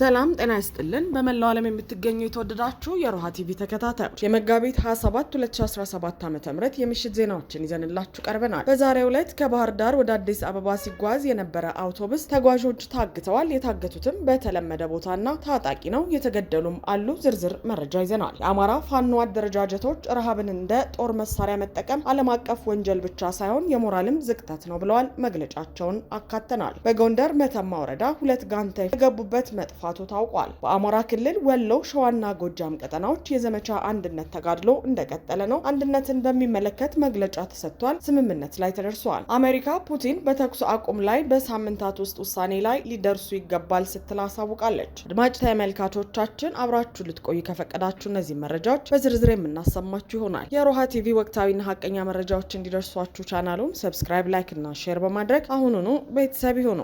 ሰላም ጤና ይስጥልን። በመላው ዓለም የምትገኙ የተወደዳችሁ የሮሃ ቲቪ ተከታታዮች የመጋቢት 27 2017 ዓ ም የምሽት ዜናዎችን ይዘንላችሁ ቀርበናል። በዛሬው ዕለት ከባህር ዳር ወደ አዲስ አበባ ሲጓዝ የነበረ አውቶቡስ ተጓዦች ታግተዋል። የታገቱትም በተለመደ ቦታና ታጣቂ ነው። የተገደሉም አሉ። ዝርዝር መረጃ ይዘናል። የአማራ ፋኖ አደረጃጀቶች ረሃብን እንደ ጦር መሳሪያ መጠቀም ዓለም አቀፍ ወንጀል ብቻ ሳይሆን የሞራልም ዝቅተት ነው ብለዋል። መግለጫቸውን አካተናል። በጎንደር መተማ ወረዳ ሁለት ጋንታ የገቡበት መጥፋ መጥፋቱ ታውቋል። በአማራ ክልል ወሎ፣ ሸዋና ጎጃም ቀጠናዎች የዘመቻ አንድነት ተጋድሎ እንደቀጠለ ነው። አንድነትን በሚመለከት መግለጫ ተሰጥቷል። ስምምነት ላይ ተደርሷል። አሜሪካ ፑቲን በተኩስ አቁም ላይ በሳምንታት ውስጥ ውሳኔ ላይ ሊደርሱ ይገባል ስትል አሳውቃለች። አድማጭ ተመልካቾቻችን አብራችሁ ልትቆይ ከፈቀዳችሁ እነዚህ መረጃዎች በዝርዝር የምናሰማችሁ ይሆናል። የሮሃ ቲቪ ወቅታዊና ሀቀኛ መረጃዎች እንዲደርሷችሁ ቻናሉን ሰብስክራይብ፣ ላይክ እና ሼር በማድረግ አሁኑኑ ቤተሰብ ይሁኑ።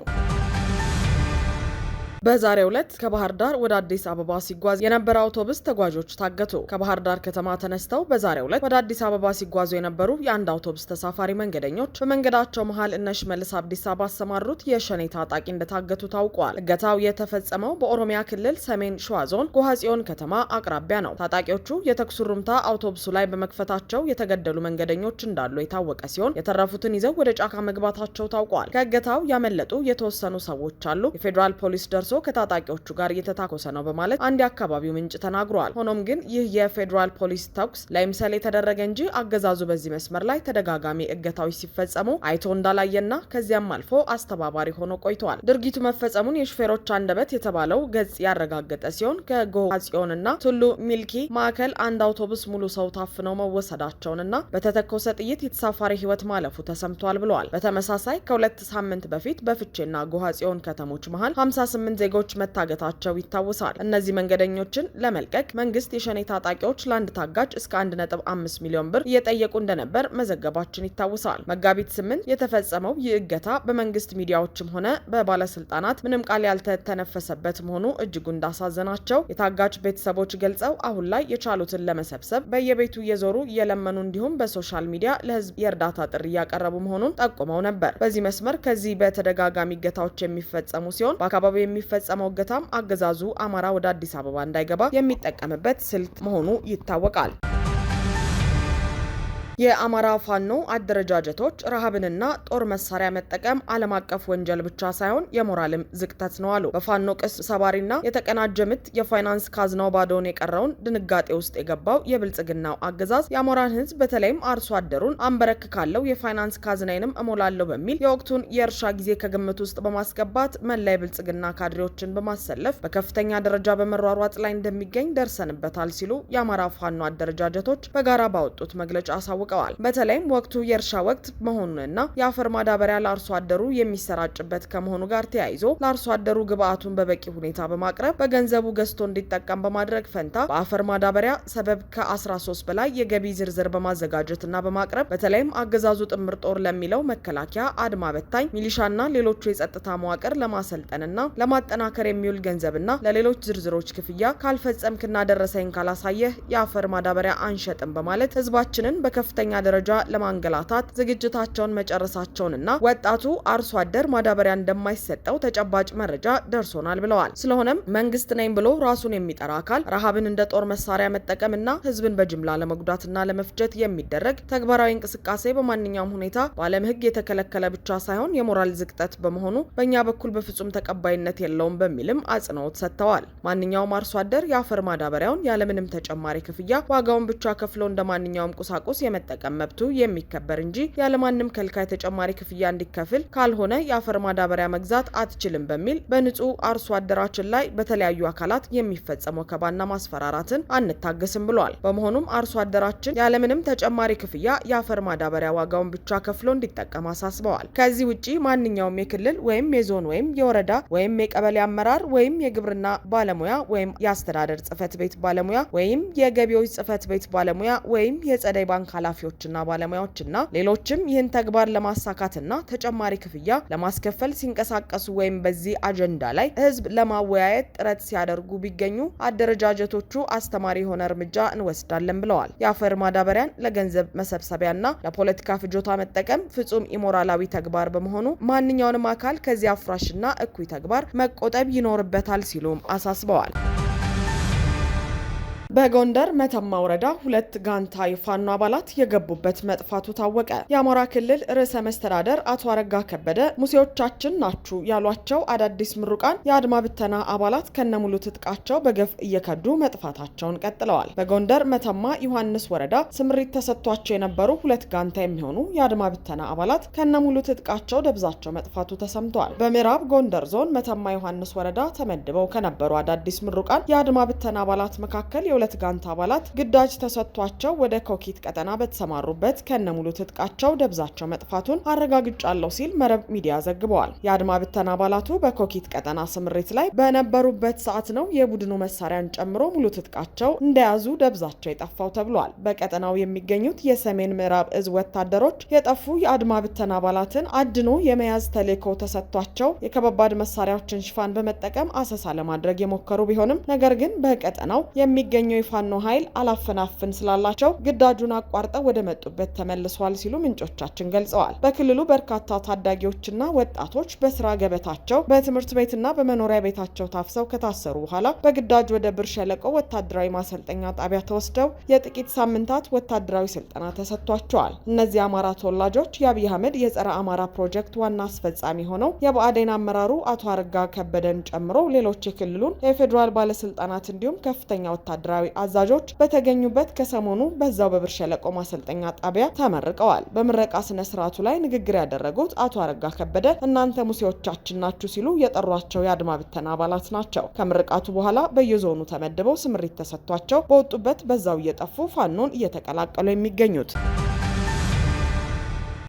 በዛሬው ዕለት ከባህር ዳር ወደ አዲስ አበባ ሲጓዝ የነበረ አውቶቡስ ተጓዦች ታገቱ። ከባህር ዳር ከተማ ተነስተው በዛሬው ዕለት ወደ አዲስ አበባ ሲጓዙ የነበሩ የአንድ አውቶቡስ ተሳፋሪ መንገደኞች በመንገዳቸው መሀል እነ ሽመልስ አብዲሳ ባሰማሩት የሸኔ ታጣቂ እንደታገቱ ታውቋል። እገታው የተፈጸመው በኦሮሚያ ክልል ሰሜን ሸዋ ዞን ጎሃ ከተማ አቅራቢያ ነው። ታጣቂዎቹ የተኩስ ሩምታ አውቶቡሱ ላይ በመክፈታቸው የተገደሉ መንገደኞች እንዳሉ የታወቀ ሲሆን የተረፉትን ይዘው ወደ ጫካ መግባታቸው ታውቋል። ከእገታው ያመለጡ የተወሰኑ ሰዎች አሉ። የፌዴራል ፖሊስ ደርሶ ደርሶ ከታጣቂዎቹ ጋር እየተታኮሰ ነው በማለት አንድ የአካባቢው ምንጭ ተናግሯል። ሆኖም ግን ይህ የፌዴራል ፖሊስ ተኩስ ለይምሰል የተደረገ እንጂ አገዛዙ በዚህ መስመር ላይ ተደጋጋሚ እገታዎች ሲፈጸሙ አይቶ እንዳላየና ከዚያም አልፎ አስተባባሪ ሆኖ ቆይተዋል። ድርጊቱ መፈጸሙን የሹፌሮች አንደበት የተባለው ገጽ ያረጋገጠ ሲሆን ከጎሃ ጽዮንና ቱሉ ሚልኪ ማዕከል አንድ አውቶቡስ ሙሉ ሰው ታፍነው መወሰዳቸውንና በተተኮሰ ጥይት የተሳፋሪ ህይወት ማለፉ ተሰምቷል ብለዋል። በተመሳሳይ ከሁለት ሳምንት በፊት በፍቼና ጎሃ ጽዮን ከተሞች መሀል 58 ዜጎች መታገታቸው ይታወሳል። እነዚህ መንገደኞችን ለመልቀቅ መንግስት የሸኔ ታጣቂዎች ለአንድ ታጋጅ እስከ 1.5 ሚሊዮን ብር እየጠየቁ እንደነበር መዘገባችን ይታወሳል። መጋቢት ስምንት የተፈጸመው ይህ እገታ በመንግስት ሚዲያዎችም ሆነ በባለስልጣናት ምንም ቃል ያልተተነፈሰበት መሆኑ እጅጉን እንዳሳዘናቸው የታጋጅ ቤተሰቦች ገልጸው አሁን ላይ የቻሉትን ለመሰብሰብ በየቤቱ እየዞሩ እየለመኑ እንዲሁም በሶሻል ሚዲያ ለህዝብ የእርዳታ ጥሪ እያቀረቡ መሆኑን ጠቁመው ነበር። በዚህ መስመር ከዚህ በተደጋጋሚ እገታዎች የሚፈጸሙ ሲሆን በአካባቢው የሚፈ የሚፈጸመው እገታም አገዛዙ አማራ ወደ አዲስ አበባ እንዳይገባ የሚጠቀምበት ስልት መሆኑ ይታወቃል። የአማራ ፋኖ አደረጃጀቶች ረሃብንና ጦር መሳሪያ መጠቀም ዓለም አቀፍ ወንጀል ብቻ ሳይሆን የሞራልም ዝቅተት ነው አሉ። በፋኖ ቅስ ሰባሪና የተቀናጀ ምት የፋይናንስ ካዝናው ባዶውን የቀረውን ድንጋጤ ውስጥ የገባው የብልጽግናው አገዛዝ የአሞራን ሕዝብ በተለይም አርሶ አደሩን አንበረክካለው የፋይናንስ ካዝናይንም እሞላለሁ በሚል የወቅቱን የእርሻ ጊዜ ከግምት ውስጥ በማስገባት መላ የብልጽግና ካድሬዎችን በማሰለፍ በከፍተኛ ደረጃ በመሯሯጥ ላይ እንደሚገኝ ደርሰንበታል ሲሉ የአማራ ፋኖ አደረጃጀቶች በጋራ ባወጡት መግለጫ አሳወ አስታውቀዋል። በተለይም ወቅቱ የእርሻ ወቅት መሆኑንና የአፈር ማዳበሪያ ለአርሶ አደሩ የሚሰራጭበት ከመሆኑ ጋር ተያይዞ ለአርሶ አደሩ ግብአቱን በበቂ ሁኔታ በማቅረብ በገንዘቡ ገዝቶ እንዲጠቀም በማድረግ ፈንታ በአፈር ማዳበሪያ ሰበብ ከ13 በላይ የገቢ ዝርዝር በማዘጋጀትና በማቅረብ በተለይም አገዛዙ ጥምር ጦር ለሚለው መከላከያ፣ አድማ በታኝ ሚሊሻና ሌሎቹ የጸጥታ መዋቅር ለማሰልጠንና ለማጠናከር የሚውል ገንዘብና ለሌሎች ዝርዝሮች ክፍያ ካልፈጸምክና ደረሰኝ ካላሳየህ የአፈር ማዳበሪያ አንሸጥም በማለት ህዝባችንን በከፍ በከፍተኛ ደረጃ ለማንገላታት ዝግጅታቸውን መጨረሳቸውንና ወጣቱ አርሶ አደር ማዳበሪያ እንደማይሰጠው ተጨባጭ መረጃ ደርሶናል ብለዋል። ስለሆነም መንግስት ነኝ ብሎ ራሱን የሚጠራ አካል ረሃብን እንደ ጦር መሳሪያ መጠቀምና ህዝብን በጅምላ ለመጉዳትና ለመፍጀት የሚደረግ ተግባራዊ እንቅስቃሴ በማንኛውም ሁኔታ በዓለም ህግ የተከለከለ ብቻ ሳይሆን የሞራል ዝቅጠት በመሆኑ በእኛ በኩል በፍጹም ተቀባይነት የለውም በሚልም አጽንኦት ሰጥተዋል። ማንኛውም አርሶ አደር የአፈር ማዳበሪያውን ያለምንም ተጨማሪ ክፍያ ዋጋውን ብቻ ከፍሎ እንደ ማንኛውም ቁሳቁስ የመ የመጠቀም መብቱ የሚከበር እንጂ ያለማንም ከልካይ ተጨማሪ ክፍያ እንዲከፍል ካልሆነ የአፈር ማዳበሪያ መግዛት አትችልም በሚል በንጹህ አርሶ አደራችን ላይ በተለያዩ አካላት የሚፈጸም ወከባና ማስፈራራትን አንታገስም ብሏል። በመሆኑም አርሶ አደራችን ያለምንም ተጨማሪ ክፍያ የአፈር ማዳበሪያ ዋጋውን ብቻ ከፍሎ እንዲጠቀም አሳስበዋል። ከዚህ ውጭ ማንኛውም የክልል ወይም የዞን ወይም የወረዳ ወይም የቀበሌ አመራር ወይም የግብርና ባለሙያ ወይም የአስተዳደር ጽህፈት ቤት ባለሙያ ወይም የገቢዎች ጽህፈት ቤት ባለሙያ ወይም የጸደይ ባንክ ኃላፊ ኃላፊዎችና ባለሙያዎችና ሌሎችም ይህን ተግባር ለማሳካትና ተጨማሪ ክፍያ ለማስከፈል ሲንቀሳቀሱ ወይም በዚህ አጀንዳ ላይ ህዝብ ለማወያየት ጥረት ሲያደርጉ ቢገኙ አደረጃጀቶቹ አስተማሪ የሆነ እርምጃ እንወስዳለን ብለዋል። የአፈር ማዳበሪያን ለገንዘብ መሰብሰቢያና ለፖለቲካ ፍጆታ መጠቀም ፍጹም ኢሞራላዊ ተግባር በመሆኑ ማንኛውንም አካል ከዚህ አፍራሽና እኩይ ተግባር መቆጠብ ይኖርበታል ሲሉም አሳስበዋል። በጎንደር መተማ ወረዳ ሁለት ጋንታ የፋኖ አባላት የገቡበት መጥፋቱ ታወቀ። የአማራ ክልል ርዕሰ መስተዳደር አቶ አረጋ ከበደ ሙሴዎቻችን ናችሁ ያሏቸው አዳዲስ ምሩቃን የአድማ ብተና አባላት ከነሙሉ ትጥቃቸው በገፍ እየከዱ መጥፋታቸውን ቀጥለዋል። በጎንደር መተማ ዮሐንስ ወረዳ ስምሪት ተሰጥቷቸው የነበሩ ሁለት ጋንታ የሚሆኑ የአድማ ብተና አባላት ከነሙሉ ትጥቃቸው ደብዛቸው መጥፋቱ ተሰምተዋል። በምዕራብ ጎንደር ዞን መተማ ዮሐንስ ወረዳ ተመድበው ከነበሩ አዳዲስ ምሩቃን የአድማ ብተና አባላት መካከል የሁለት ጋንት አባላት ግዳጅ ተሰጥቷቸው ወደ ኮኪት ቀጠና በተሰማሩበት ከነሙሉ ትጥቃቸው ደብዛቸው መጥፋቱን አረጋግጫለሁ ሲል መረብ ሚዲያ ዘግበዋል። የአድማ ብተና አባላቱ በኮኪት ቀጠና ስምሪት ላይ በነበሩበት ሰዓት ነው የቡድኑ መሳሪያን ጨምሮ ሙሉ ትጥቃቸው እንደያዙ ደብዛቸው የጠፋው ተብሏል። በቀጠናው የሚገኙት የሰሜን ምዕራብ እዝ ወታደሮች የጠፉ የአድማ ብተና አባላትን አድኖ የመያዝ ተልዕኮ ተሰጥቷቸው የከባድ መሳሪያዎችን ሽፋን በመጠቀም አሰሳ ለማድረግ የሞከሩ ቢሆንም ነገር ግን በቀጠናው የሚገኙ አብዛኛው የፋኖ ኃይል አላፈናፍን ስላላቸው ግዳጁን አቋርጠው ወደ መጡበት ተመልሰዋል ሲሉ ምንጮቻችን ገልጸዋል። በክልሉ በርካታ ታዳጊዎችና ወጣቶች በስራ ገበታቸው በትምህርት ቤትና በመኖሪያ ቤታቸው ታፍሰው ከታሰሩ በኋላ በግዳጅ ወደ ብር ሸለቆ ወታደራዊ ማሰልጠኛ ጣቢያ ተወስደው የጥቂት ሳምንታት ወታደራዊ ስልጠና ተሰጥቷቸዋል። እነዚህ አማራ ተወላጆች የአብይ አህመድ የጸረ አማራ ፕሮጀክት ዋና አስፈጻሚ ሆነው የብአዴን አመራሩ አቶ አረጋ ከበደን ጨምሮ ሌሎች የክልሉን የፌዴራል ባለስልጣናት እንዲሁም ከፍተኛ ወታደራዊ ወታደራዊ አዛዦች በተገኙበት ከሰሞኑ በዛው በብር ሸለቆ ማሰልጠኛ ጣቢያ ተመርቀዋል። በምረቃ ስነ ስርዓቱ ላይ ንግግር ያደረጉት አቶ አረጋ ከበደ እናንተ ሙሴዎቻችን ናችሁ ሲሉ የጠሯቸው የአድማ ብተና አባላት ናቸው። ከምርቃቱ በኋላ በየዞኑ ተመድበው ስምሪት ተሰጥቷቸው በወጡበት በዛው እየጠፉ ፋኖን እየተቀላቀሉ የሚገኙት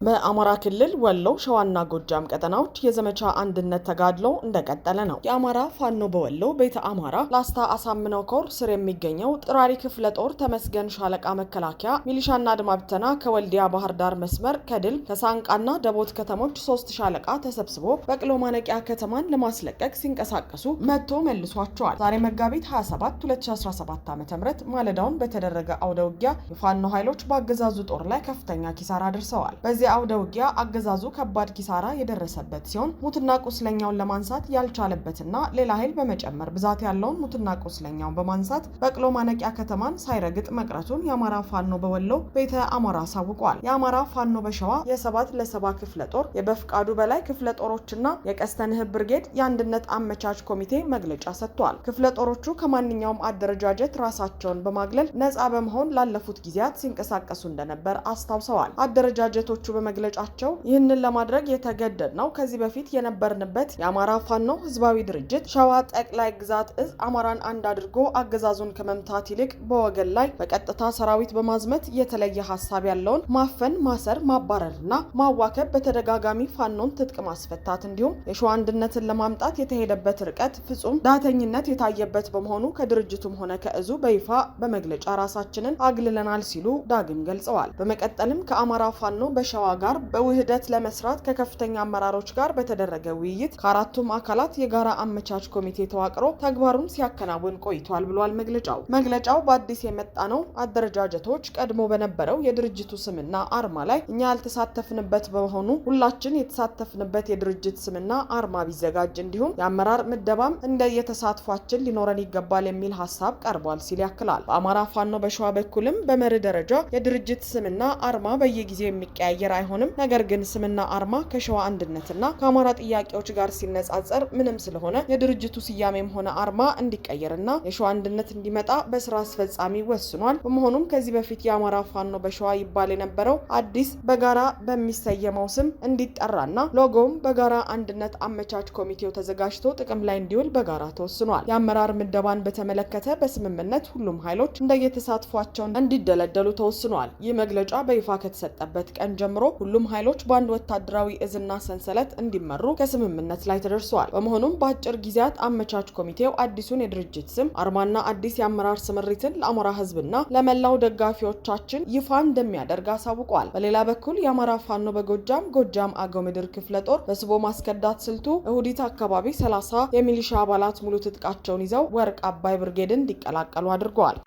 በአማራ ክልል ወሎ ሸዋና ጎጃም ቀጠናዎች የዘመቻ አንድነት ተጋድሎ እንደቀጠለ ነው። የአማራ ፋኖ በወሎ ቤተ አማራ ላስታ አሳምነው ኮር ስር የሚገኘው ጥራሪ ክፍለ ጦር ተመስገን ሻለቃ መከላከያ ሚሊሻና ድማብተና ከወልዲያ ባህር ዳር መስመር ከድል ከሳንቃና ደቦት ከተሞች ሶስት ሻለቃ ተሰብስቦ በቅሎ ማነቂያ ከተማን ለማስለቀቅ ሲንቀሳቀሱ መጥቶ መልሷቸዋል። ዛሬ መጋቢት 27 2017 ዓ ም ማለዳውን በተደረገ አውደ ውጊያ የፋኖ ኃይሎች በአገዛዙ ጦር ላይ ከፍተኛ ኪሳራ አድርሰዋል። በዚያ የአውደ ውጊያ አገዛዙ ከባድ ኪሳራ የደረሰበት ሲሆን ሙትና ቁስለኛውን ለማንሳት ያልቻለበትና ሌላ ኃይል በመጨመር ብዛት ያለውን ሙትና ቁስለኛውን በማንሳት በቅሎ ማነቂያ ከተማን ሳይረግጥ መቅረቱን የአማራ ፋኖ በወሎ ቤተ አማራ አሳውቋል። የአማራ ፋኖ በሸዋ የሰባት ለሰባ ክፍለ ጦር የበፍቃዱ በላይ ክፍለ ጦሮችና የቀስተንህ ብርጌድ የአንድነት አመቻች ኮሚቴ መግለጫ ሰጥቷል። ክፍለ ጦሮቹ ከማንኛውም አደረጃጀት ራሳቸውን በማግለል ነጻ በመሆን ላለፉት ጊዜያት ሲንቀሳቀሱ እንደነበር አስታውሰዋል። አደረጃጀቶቹ በመግለጫቸው ይህንን ለማድረግ የተገደድ ነው ከዚህ በፊት የነበርንበት የአማራ ፋኖ ህዝባዊ ድርጅት ሸዋ ጠቅላይ ግዛት እዝ አማራን አንድ አድርጎ አገዛዙን ከመምታት ይልቅ በወገን ላይ በቀጥታ ሰራዊት በማዝመት የተለየ ሀሳብ ያለውን ማፈን፣ ማሰር፣ ማባረርና ማዋከብ በተደጋጋሚ ፋኖን ትጥቅ ማስፈታት እንዲሁም የሸዋ አንድነትን ለማምጣት የተሄደበት ርቀት ፍጹም ዳተኝነት የታየበት በመሆኑ ከድርጅቱም ሆነ ከእዙ በይፋ በመግለጫ ራሳችንን አግልለናል ሲሉ ዳግም ገልጸዋል። በመቀጠልም ከአማራ ፋኖ በሸዋ ጋር በውህደት ለመስራት ከከፍተኛ አመራሮች ጋር በተደረገ ውይይት ከአራቱም አካላት የጋራ አመቻች ኮሚቴ ተዋቅሮ ተግባሩን ሲያከናውን ቆይቷል ብሏል መግለጫው። መግለጫው በአዲስ የመጣ ነው አደረጃጀቶች ቀድሞ በነበረው የድርጅቱ ስምና አርማ ላይ እኛ ያልተሳተፍንበት በመሆኑ ሁላችን የተሳተፍንበት የድርጅት ስምና አርማ ቢዘጋጅ እንዲሁም የአመራር ምደባም እንደ የተሳትፏችን ሊኖረን ይገባል የሚል ሀሳብ ቀርቧል ሲል ያክላል። በአማራ ፋኖ በሸዋ በኩልም በመሪ ደረጃ የድርጅት ስምና አርማ በየጊዜው የሚቀያየር አይሆንም። ነገር ግን ስምና አርማ ከሸዋ አንድነትና ከአማራ ጥያቄዎች ጋር ሲነጻጸር ምንም ስለሆነ የድርጅቱ ስያሜም ሆነ አርማ እንዲቀየርና የሸዋ አንድነት እንዲመጣ በስራ አስፈጻሚ ወስኗል። በመሆኑም ከዚህ በፊት የአማራ ፋኖ በሸዋ ይባል የነበረው አዲስ በጋራ በሚሰየመው ስም እንዲጠራና ሎጎውም በጋራ አንድነት አመቻች ኮሚቴው ተዘጋጅቶ ጥቅም ላይ እንዲውል በጋራ ተወስኗል። የአመራር ምደባን በተመለከተ በስምምነት ሁሉም ኃይሎች እንደየተሳትፏቸው እንዲደለደሉ ተወስኗል። ይህ መግለጫ በይፋ ከተሰጠበት ቀን ጀምሮ ጨምሮ ሁሉም ኃይሎች በአንድ ወታደራዊ እዝና ሰንሰለት እንዲመሩ ከስምምነት ላይ ተደርሰዋል። በመሆኑም በአጭር ጊዜያት አመቻች ኮሚቴው አዲሱን የድርጅት ስም አርማና አዲስ የአመራር ስምሪትን ለአማራ ህዝብና ለመላው ደጋፊዎቻችን ይፋ እንደሚያደርግ አሳውቋል። በሌላ በኩል የአማራ ፋኖ በጎጃም ጎጃም አገው ምድር ክፍለ ጦር በስቦ ማስከዳት ስልቱ እሁዲት አካባቢ ሰላሳ የሚሊሻ አባላት ሙሉ ትጥቃቸውን ይዘው ወርቅ አባይ ብርጌድን እንዲቀላቀሉ አድርገዋል።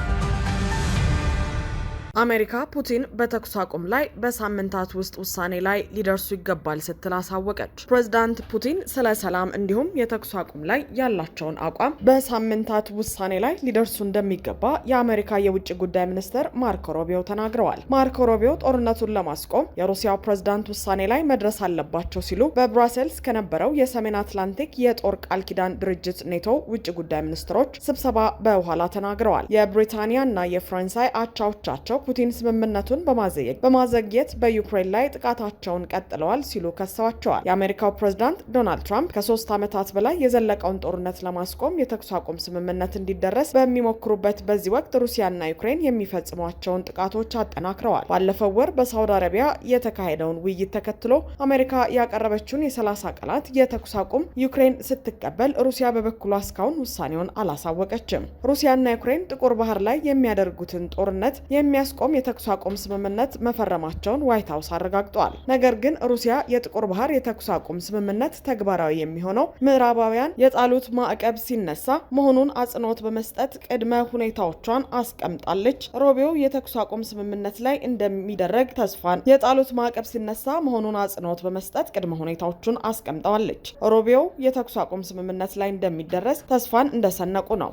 አሜሪካ ፑቲን በተኩስ አቁም ላይ በሳምንታት ውስጥ ውሳኔ ላይ ሊደርሱ ይገባል ስትል አሳወቀች። ፕሬዚዳንት ፑቲን ስለ ሰላም እንዲሁም የተኩስ አቁም ላይ ያላቸውን አቋም በሳምንታት ውሳኔ ላይ ሊደርሱ እንደሚገባ የአሜሪካ የውጭ ጉዳይ ሚኒስትር ማርኮ ሮቢዮ ተናግረዋል። ማርኮ ሮቢዮ ጦርነቱን ለማስቆም የሩሲያው ፕሬዚዳንት ውሳኔ ላይ መድረስ አለባቸው ሲሉ በብራሰልስ ከነበረው የሰሜን አትላንቲክ የጦር ቃል ኪዳን ድርጅት ኔቶ ውጭ ጉዳይ ሚኒስትሮች ስብሰባ በኋላ ተናግረዋል። የብሪታንያና የፈረንሳይ አቻዎቻቸው ፑቲን ስምምነቱን በማዘየግ በማዘግየት በዩክሬን ላይ ጥቃታቸውን ቀጥለዋል ሲሉ ከሰዋቸዋል። የአሜሪካው ፕሬዝዳንት ዶናልድ ትራምፕ ከሶስት ዓመታት በላይ የዘለቀውን ጦርነት ለማስቆም የተኩስ አቁም ስምምነት እንዲደረስ በሚሞክሩበት በዚህ ወቅት ሩሲያና ዩክሬን የሚፈጽሟቸውን ጥቃቶች አጠናክረዋል። ባለፈው ወር በሳውዲ አረቢያ የተካሄደውን ውይይት ተከትሎ አሜሪካ ያቀረበችውን የሰላሳ ቀናት የተኩስ አቁም ዩክሬን ስትቀበል ሩሲያ በበኩሏ እስካሁን ውሳኔውን አላሳወቀችም። ሩሲያና ዩክሬን ጥቁር ባህር ላይ የሚያደርጉትን ጦርነት የሚያስ ለማስቆም የተኩስ አቁም ስምምነት መፈረማቸውን ዋይት ሀውስ አረጋግጧል። ነገር ግን ሩሲያ የጥቁር ባህር የተኩስ አቁም ስምምነት ተግባራዊ የሚሆነው ምዕራባውያን የጣሉት ማዕቀብ ሲነሳ መሆኑን አጽንኦት በመስጠት ቅድመ ሁኔታዎቿን አስቀምጣለች። ሮቢዮ የተኩስ አቁም ስምምነት ላይ እንደሚደረግ ተስፋን የጣሉት ማዕቀብ ሲነሳ መሆኑን አጽንኦት በመስጠት ቅድመ ሁኔታዎቹን አስቀምጠዋለች። ሮቢዮ የተኩስ አቁም ስምምነት ላይ እንደሚደረስ ተስፋን እንደሰነቁ ነው።